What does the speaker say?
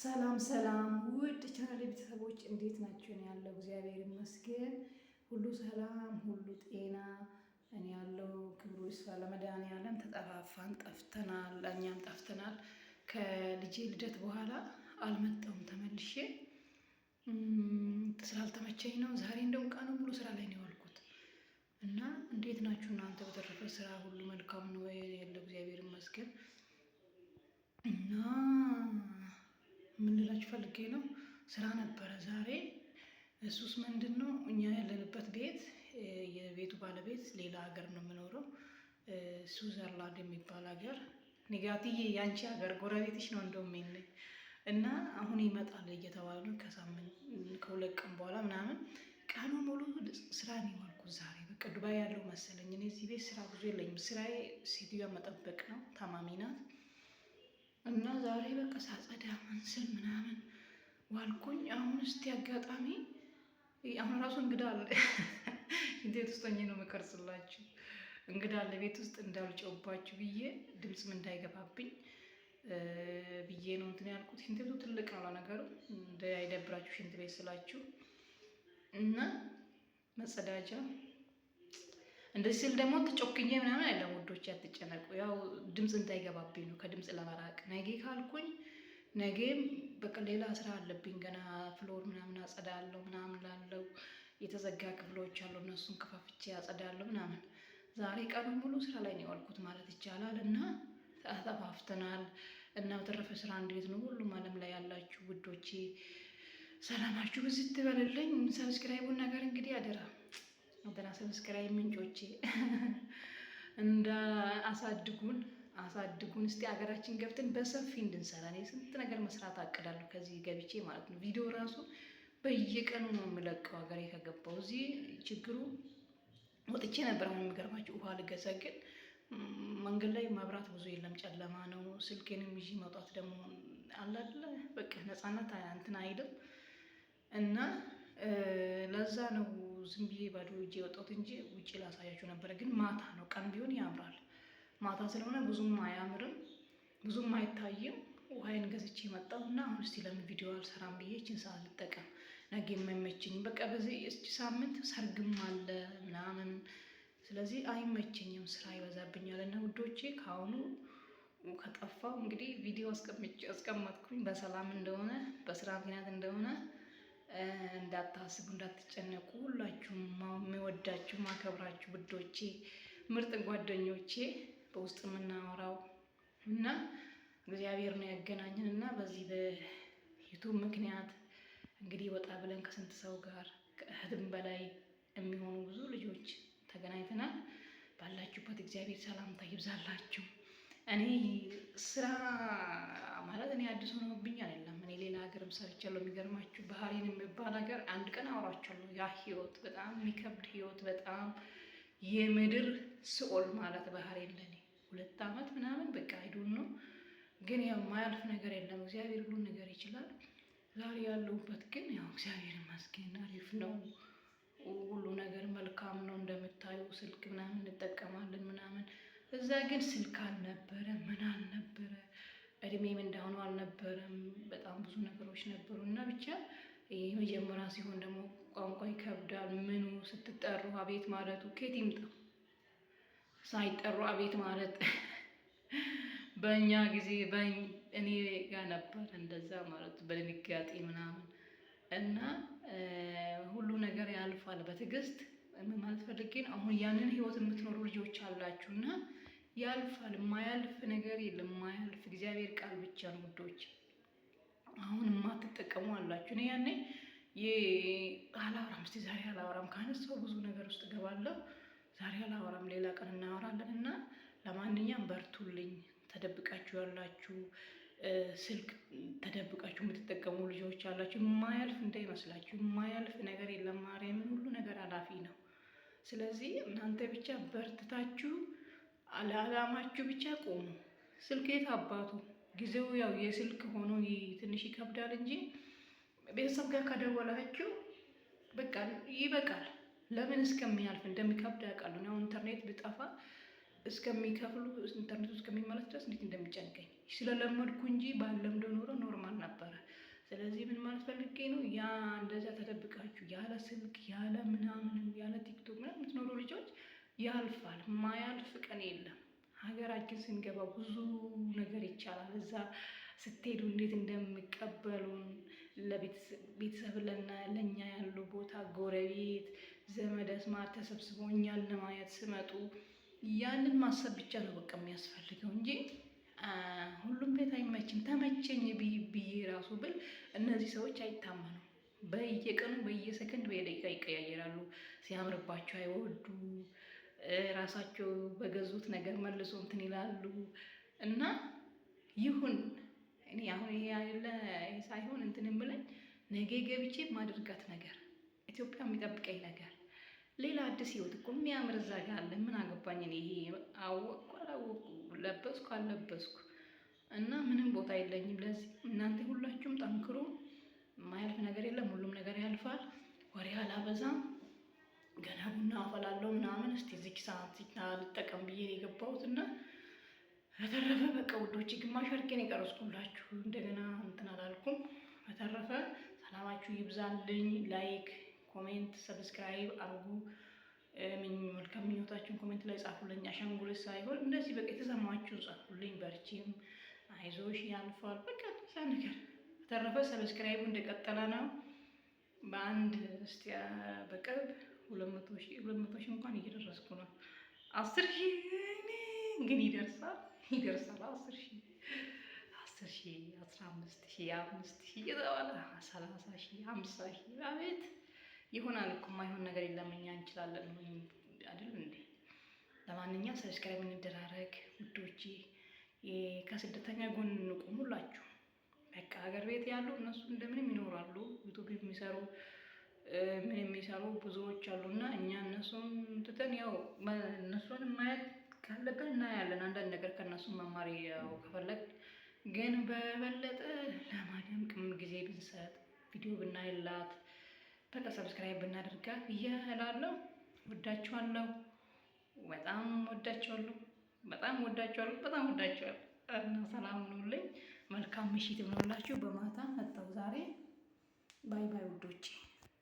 ሰላም ሰላም ውድ ቻናል ቤተሰቦች እንዴት ናቸው? ነው ያለው። እግዚአብሔር ይመስገን ሁሉ ሰላም፣ ሁሉ ጤና እኔ ያለው ክብሩ ይስፋ ለመድኃኒዓለም። ተጠፋፋን፣ ጠፍተናል፣ እኛም ጠፍተናል። ከልጄ ልደት በኋላ አልመጣሁም ተመልሼ ስላልተመቸኝ ነው። ዛሬ እንደውም ቀኑ ሙሉ ስራ ላይ ነው የዋልኩት እና እንዴት ናችሁ እናንተ? በተረፈ ስራ ሁሉ መልካም ነው ያለው። እግዚአብሔር ይመስገን እና የምንላችሁ ፈልጌ ነው። ስራ ነበረ ዛሬ። እሱስ ምንድን ነው? እኛ ያለንበት ቤት የቤቱ ባለቤት ሌላ ሀገር ነው የምኖረው፣ ስዊዘርላንድ የሚባል ሀገር። ንጋትዬ የአንቺ ሀገር ጎረቤትሽ ነው እንደውም የለኝ እና አሁን ይመጣል እየተባለ ነው ከሳምንት ከሁለት ቀን በኋላ ምናምን። ቀኑ ሙሉ ስራ ነው የዋልኩት ዛሬ። በቃ ዱባይ ያለው መሰለኝ። እኔ እዚህ ቤት ስራ ብዙ የለኝም። ስራዬ ሴትዮዋ መጠበቅ ነው። ታማሚ ናት። እና ዛሬ በቃ ሳጸዳ ስል ምናምን ዋልኩኝ። አሁን እስቲ አጋጣሚ አሁን ራሱ እንግዳ አለ ቤት ውስጥ ሆኜ ነው መቀርጽላችሁ። እንግዳ አለ ቤት ውስጥ እንዳልጨውባችሁ ብዬ ድምፅም እንዳይገባብኝ ብዬ ነው እንትን ያልኩት። ሽንት ቤቱ ትልቅ ነው ለነገሩ፣ እንዳይደብራችሁ ሽንት ቤት ስላችሁ እና መጸዳጃ እንደዚህ ስል ደግሞ ተጮክኜ ምናምን አይለም ወዶ ድምፅ እንዳይገባብኝ ነው ከድምፅ ለመራቅ ነጌ ካልኩኝ ነገም በቃ ሌላ ስራ አለብኝ ገና ፍሎር ምናምን አጸዳለሁ ምናምን ላለው የተዘጋ ክፍሎች አሉ እነሱን ከፋፍቼ አጸዳለሁ ምናምን ዛሬ ቀኑ ሙሉ ስራ ላይ ነው የዋልኩት ማለት ይቻላል እና ተጠፋፍተናል እና በተረፈ ስራ እንዴት ነው ሁሉም አለም ላይ ያላችሁ ውዶቼ ሰላማችሁ ብዙ ትበልልኝ ሰብስክራይቡን ነገር እንግዲህ አደራ አደራ ሰብስክራይብ ምንጮቼ አሳድጉን አሳድጉን እስቲ ሀገራችን ገብተን በሰፊ እንድንሰራ እኔ ስንት ነገር መስራት አቅዳለሁ ከዚህ ገብቼ ማለት ነው። ቪዲዮ ራሱ በየቀኑ ነው የምለቀው ሀገሬ ከገባው። እዚህ ችግሩ ወጥቼ ነበር አሁን የሚገርማቸው ውሃ ልገዛ ግን መንገድ ላይ መብራት ብዙ የለም፣ ጨለማ ነው። ስልኬንም ይዤ መውጣት ደግሞ አላለ በቃ ነፃነት እንትን አይልም እና ለዛ ነው ዝም ብዬ ባዶ እጄ የወጣሁት እንጂ ውጭ ላሳያችሁ ነበረ። ግን ማታ ነው፣ ቀን ቢሆን ያምራል። ማታ ስለሆነ ብዙም አያምርም፣ ብዙም አይታይም። ውሃዬን ገዝቼ መጣሁ እና አሁን እስቲ ለምን ቪዲዮ አልሰራም ብዬ ይችን ሰዓት ልጠቀም፣ ነገ የማይመችኝ በቃ በዚህ እስቺ ሳምንት ሰርግም አለ ምናምን፣ ስለዚህ አይመቸኝም፣ ስራ ይበዛብኛል እና ውዶቼ ከአሁኑ ከጠፋው እንግዲህ ቪዲዮ አስቀመጥኩኝ በሰላም እንደሆነ በስራ ምክንያት እንደሆነ እንዳታስቡ እንዳትጨነቁ። ሁላችሁም የሚወዳችሁ ማከብራችሁ ውዶቼ ምርጥ ጓደኞቼ በውስጥ የምናወራው እና እግዚአብሔር ነው ያገናኘን እና በዚህ በዩቱብ ምክንያት እንግዲህ ወጣ ብለን ከስንት ሰው ጋር ከእህትም በላይ የሚሆኑ ብዙ ልጆች ተገናኝተናል። ባላችሁበት እግዚአብሔር ሰላምታ ይብዛላችሁ። እኔ ስራ ማለት እኔ አዲስ ሆኖብኝ አይደለም። እኔ ሌላ ሀገርም ሰርቻለሁ። የሚገርማችሁ ባህሬን የሚባል ሀገር አንድ ቀን አውራቸዋለሁ። ያ ህይወት በጣም የሚከብድ ህይወት፣ በጣም የምድር ስኦል ማለት ባህሬን ለኔ ሁለት ዓመት ምናምን በቃ አይዶን ነው። ግን ያው የማያልፍ ነገር የለም። እግዚአብሔር ሁሉ ነገር ይችላል። ዛሬ ያለሁበት ግን ያው እግዚአብሔር ይመስገን አሪፍ ነው። ሁሉ ነገር መልካም ነው። እንደምታዩ ስልክ ምናምን እንጠቀማለን ምናምን። እዛ ግን ስልክ አልነበረ ምን አልነበረ እድሜም እንዳሁኑ አልነበረም። በጣም ብዙ ነገሮች ነበሩ እና ብቻ ይህ መጀመሪያ ሲሆን ደግሞ ቋንቋ ይከብዳል። ምኑ ስትጠሩ አቤት ማለቱ ኬት ይምጣ ሳይጠሩ አቤት ማለት በእኛ ጊዜ እኔ ጋር ነበር እንደዛ ማለት በድንጋጤ ምናምን እና ሁሉ ነገር ያልፋል በትዕግስት ማለት ፈልጌ ነው። አሁን ያንን ህይወት የምትኖሩ ልጆች አላችሁ እና ያልፋል። የማያልፍ ነገር የለም። የማያልፍ እግዚአብሔር ቃል ብቻ ነው ውዶች። አሁን የማትጠቀሙ አላችሁ። እኔ ያኔ አላወራም፣ እስኪ ዛሬ አላወራም ካነሳው ብዙ ነገር ውስጥ እገባለሁ። ዛሬ አላወራም፣ ሌላ ቀን እናወራለን እና ለማንኛውም በርቱልኝ። ተደብቃችሁ ያላችሁ ስልክ ተደብቃችሁ የምትጠቀሙ ልጆች አላችሁ። የማያልፍ እንዳይመስላችሁ፣ የማያልፍ ነገር የለም። ማርያምን ሁሉ ነገር አላፊ ነው። ስለዚህ እናንተ ብቻ በርትታችሁ ለዓላማችሁ ብቻ ቆሙ። ስልክ የት አባቱ ጊዜው ያው የስልክ ሆኖ ትንሽ ይከብዳል እንጂ ቤተሰብ ጋር ከደወላችሁ በቃ ይበቃል። ለምን እስከሚያልፍ እንደሚከብድ ያውቃሉ። ያው ኢንተርኔት ብጠፋ እስከሚከፍሉ ኢንተርኔቱ እስከሚመለስ ድረስ እንዴት እንደሚጨንቀኝ ስለለመድኩ እንጂ ባለምደው ኖሮ ኖርማል ነበረ። ስለዚህ ምን ማለት ፈልጌ ነው ያ እንደዚያ ተደብቃችሁ ያለ ስልክ ያለ ምናምን ያለ ቲክቶክ ምናምን የምትኖሩ ልጆች ያልፋል። ማያልፍ ቀን የለም። ሀገራችን ስንገባ ብዙ ነገር ይቻላል። እዛ ስትሄዱ እንዴት እንደሚቀበሉን ለቤተሰብ ለእኛ ያሉ ቦታ ጎረቤት ዘመድ አዝማድ ተሰብስቦ እኛን ለማየት ስመጡ ያንን ማሰብ ብቻ ነው በቃ የሚያስፈልገው እንጂ ሁሉም ቤት አይመችም። ተመቸኝ ብዬ ራሱ ብል እነዚህ ሰዎች አይታመኑም። በየቀኑ በየሰከንድ በየደቂቃ ይቀያየራሉ። ሲያምርባቸው አይወዱ ራሳቸው በገዙት ነገር መልሶ እንትን ይላሉ እና ይሁን እኔ አሁን ይሄ ያለ ሳይሆን እንትን የምለኝ ነገ ገብቼ ማድርጋት ነገር ኢትዮጵያ የሚጠብቀኝ ነገር ሌላ አዲስ ህይወት እኮ የሚያምር እዛ ጋ አለ። ምን አገባኝ ይሄ አወቅኩ አላወቅኩ ለበስኩ አልለበስኩ እና ምንም ቦታ የለኝም ለዚህ። እናንተ ሁላችሁም ጠንክሩ። የማያልፍ ነገር የለም፣ ሁሉም ነገር ያልፋል። ወሬ አላበዛም። ገና ቡና አፈላለሁ ምናምን። እስቲ ዚች ሰዓት ልጠቀም ብዬ የገባሁት እና በተረፈ በቃ ውዶች ግማሽ ወርቄን የቀረስኩላችሁ እንደገና እንትን አላልኩም። በተረፈ ሰላማችሁ ይብዛልኝ። ላይክ ኮሜንት፣ ሰብስክራይብ አርጉ። መልካም ምኞታችሁን ኮሜንት ላይ ጻፉልኝ። አሻንጉልት ሳይሆን እንደዚህ በቃ የተሰማችሁን ጻፉልኝ። በርቺም፣ አይዞሽ፣ ያልፋል። በቃ ዛ ነገር በተረፈ ሰብስክራይቡ እንደቀጠለ ነው። በአንድ እስቲ በቅርብ ሁለት መቶ ሺህ እንኳን እየደረስኩ ነው። አስር ሺህ ግን ይደርሳል ይደርሳል። አስር ሺህ አስር ሺህ አስራ አምስት ሺህ አምስት ሺህ እየተባለ ሰላሳ ሺህ አምሳ ሺህ አቤት ይሆናል እኮ የማይሆን ነገር የለም። እኛ እንችላለን አይደል እንዴ? ለማንኛውም ሰብስክራይብ እንደራረግ ውዶቼ፣ ከስደተኛ ጎን እንቁም ሁላችሁ። በቃ ሀገር ቤት ያሉ እነሱ እንደምንም ይኖራሉ። ዩቱብ የሚሰሩ ምን የሚሰሩ ብዙዎች አሉ እና እኛ እነሱም ትተን ያው እነሱን ማየት ካለብን እናያለን። አንዳንድ ነገር ከእነሱ መማር ያው ከፈለግ ግን በበለጠ ለማዳም ቅም ጊዜ ብንሰጥ ቪዲዮ ብናይላት በቃ ሰብስክራይብ ብናደርጋ እያላለሁ። ወዳችኋለሁ፣ በጣም ወዳችኋለሁ፣ በጣም ወዳችኋለሁ፣ በጣም ወዳችኋለሁ እና ሰላም ኑልኝ። መልካም ምሽት ይሁንላችሁ። በማታ መጣሁ ዛሬ። ባይ ባይ ውዶቼ።